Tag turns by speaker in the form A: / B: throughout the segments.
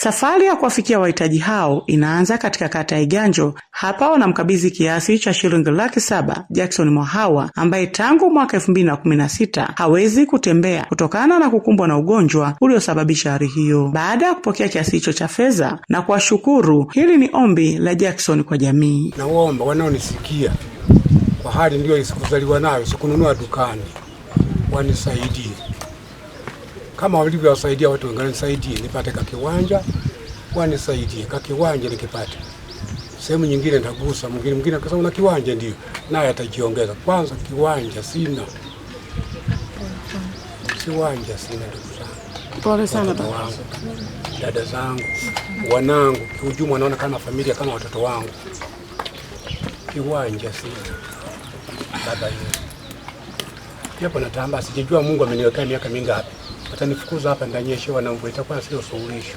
A: Safari ya kuwafikia wahitaji hao inaanza katika kata ya Iganjo. Hapa wanamkabidhi kiasi cha shilingi laki saba Jackson Mwahawa ambaye tangu mwaka elfu mbili na kumi na sita hawezi kutembea kutokana na kukumbwa na ugonjwa uliosababisha hali hiyo. Baada ya kupokea kiasi hicho cha fedha na kuwashukuru, hili ni ombi la Jackson kwa jamii.
B: Nawaomba wanaonisikia kwa hali ndiyo sikuzaliwa nayo, sikununua dukani, wanisaidie kama walivyowasaidia watu wengine, nisaidie nipate kakiwanja, wanisaidie kakiwanja nikipate sehemu nyingine nitagusa, mwingine mwingine akasema na kiwanja ndio naye atajiongeza. Kwanza kiwanja sina, kiwanja sina. Ndugu zangu,
C: pole sana wangu,
B: dada zangu, wanangu, kiujumla wanaona kama familia kama watoto wangu. Kiwanja sina baba, hiyo japo natamba, sijajua Mungu ameniwekea miaka mingapi watanifukuza hapa, nitanyeshewa na mvua, itakuwa sio suluhisho.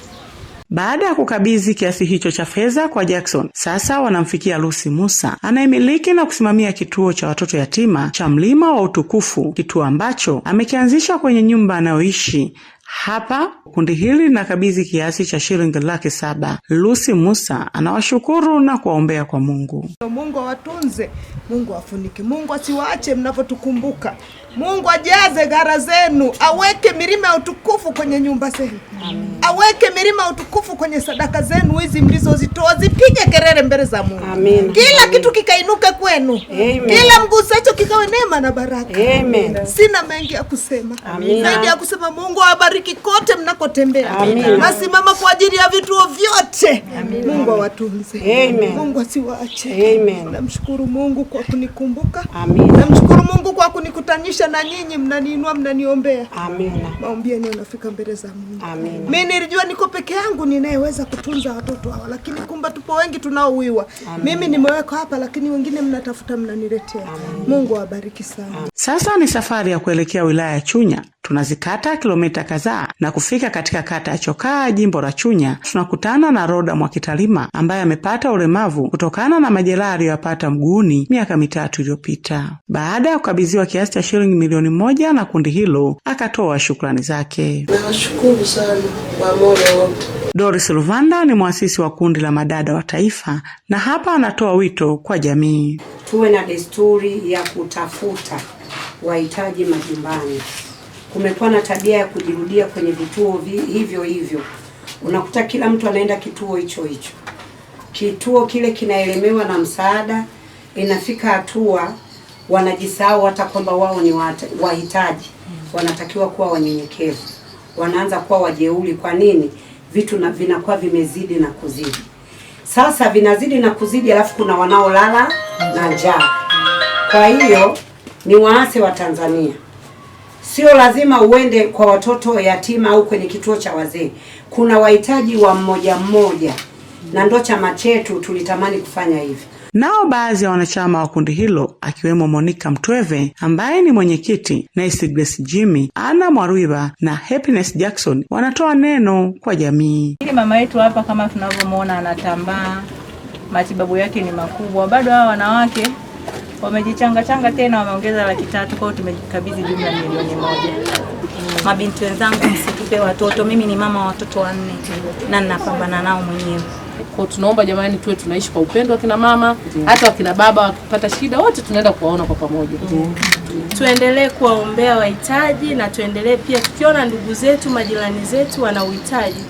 A: Baada ya kukabidhi kiasi hicho cha fedha kwa Jackson, sasa wanamfikia Lucy Musa anayemiliki na kusimamia kituo cha watoto yatima cha Mlima wa Utukufu, kituo ambacho amekianzisha kwenye nyumba anayoishi hapa kundi hili linakabidhi kiasi cha shilingi laki saba. Lucy Musa anawashukuru na kuwaombea kwa Mungu.
D: Mungu awatunze, Mungu awafunike, Mungu asiwaache mnavyotukumbuka, Mungu ajaze gara zenu, aweke milima ya utukufu kwenye nyumba zenu, aweke milima ya utukufu kwenye sadaka zenu hizi mlizozitoa, zipige kelele mbele za Mungu. Amen. Kila Amen. kitu kikainuke kwenu Amen. kila mgusacho kikawe neema na baraka Amen. Sina mengi ya kusema zaidi ya kusema Mungu awabariki awabariki kote mnakotembea, nasimama kwa ajili ya vituo vyote. Mungu awatunze. Amen. Mungu asiwaache. Amen. Namshukuru Mungu kwa kunikumbuka. Amen. Namshukuru Mungu kwa kunikutanisha na nyinyi, mnaniinua, mnaniombea. Amen. Maombi yenu yanafika mbele za Mungu. Amen. Mimi nilijua niko peke yangu ninayeweza kutunza watoto hawa, lakini kumbe tupo wengi tunaouiwa. Mimi nimewekwa hapa, lakini wengine mnatafuta, mnaniletea. Mungu awabariki sana.
A: Sasa ni safari ya kuelekea wilaya ya Chunya tunazikata kilomita kadhaa na kufika katika kata ya Chokaa, jimbo la Chunya, tunakutana na Roda Mwakitalima ambaye amepata ulemavu kutokana na majeraha aliyoyapata mguuni miaka mitatu iliyopita. Baada ya kukabidhiwa kiasi cha shilingi milioni moja na kundi hilo, akatoa shukrani zake.
E: Nawashukuru sana kwa moyo wote.
A: Doris Luvanda ni mwasisi wa kundi la madada wa taifa na hapa anatoa wito kwa jamii,
F: tuwe na desturi ya kutafuta wahitaji majumbani kumekuwa na tabia ya kujirudia kwenye vituo vi, hivyo hivyo. Unakuta kila mtu anaenda kituo hicho hicho, kituo kile kinaelemewa na msaada, inafika hatua wanajisahau hata kwamba wao ni wahitaji, wanatakiwa kuwa wanyenyekevu, wanaanza kuwa wajeuri. Kwa nini? Vitu na vinakuwa vimezidi na kuzidi, sasa vinazidi na kuzidi, alafu kuna wanaolala na njaa. Kwa hiyo ni waase wa Tanzania Sio lazima uende kwa watoto yatima au kwenye kituo cha wazee. Kuna wahitaji wa mmoja mmoja, na ndo chama chetu tulitamani kufanya hivi.
A: Nao baadhi ya wanachama wa kundi hilo akiwemo Monica Mtweve ambaye ni mwenyekiti, Nice Grace Jimmy, Ana Mwarwiba na Happiness Jackson wanatoa neno kwa jamii.
G: Hili mama yetu hapa kama tunavyomwona anatambaa, matibabu yake ni makubwa, bado hawa wanawake wamejichangachanga tena wameongeza laki tatu kwao, tumejikabidhi jumla milioni moja. Mabinti wenzangu, msitupe watoto. Mimi ni mama wa watoto wanne na ninapambana nao mwenyewe.
H: Kwa tunaomba jamani, tuwe tunaishi kwa upendo wakina mama Jum. hata wakina baba wakipata shida wote tunaenda kuwaona kwa pamoja.
I: Tuendelee kuwaombea wahitaji na tuendelee pia, tukiona ndugu zetu majirani zetu wana uhitaji,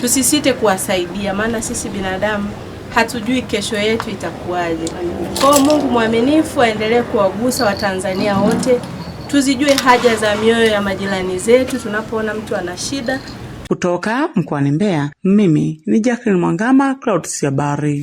I: tusisite kuwasaidia, maana sisi binadamu hatujui kesho yetu itakuwaje.
J: Kwa Mungu mwaminifu aendelee kuwagusa Watanzania wote, tuzijue haja za mioyo ya majirani zetu tunapoona mtu ana shida.
A: Kutoka mkoani Mbeya, mimi ni Jacqueline Mwangama, Clouds Habari.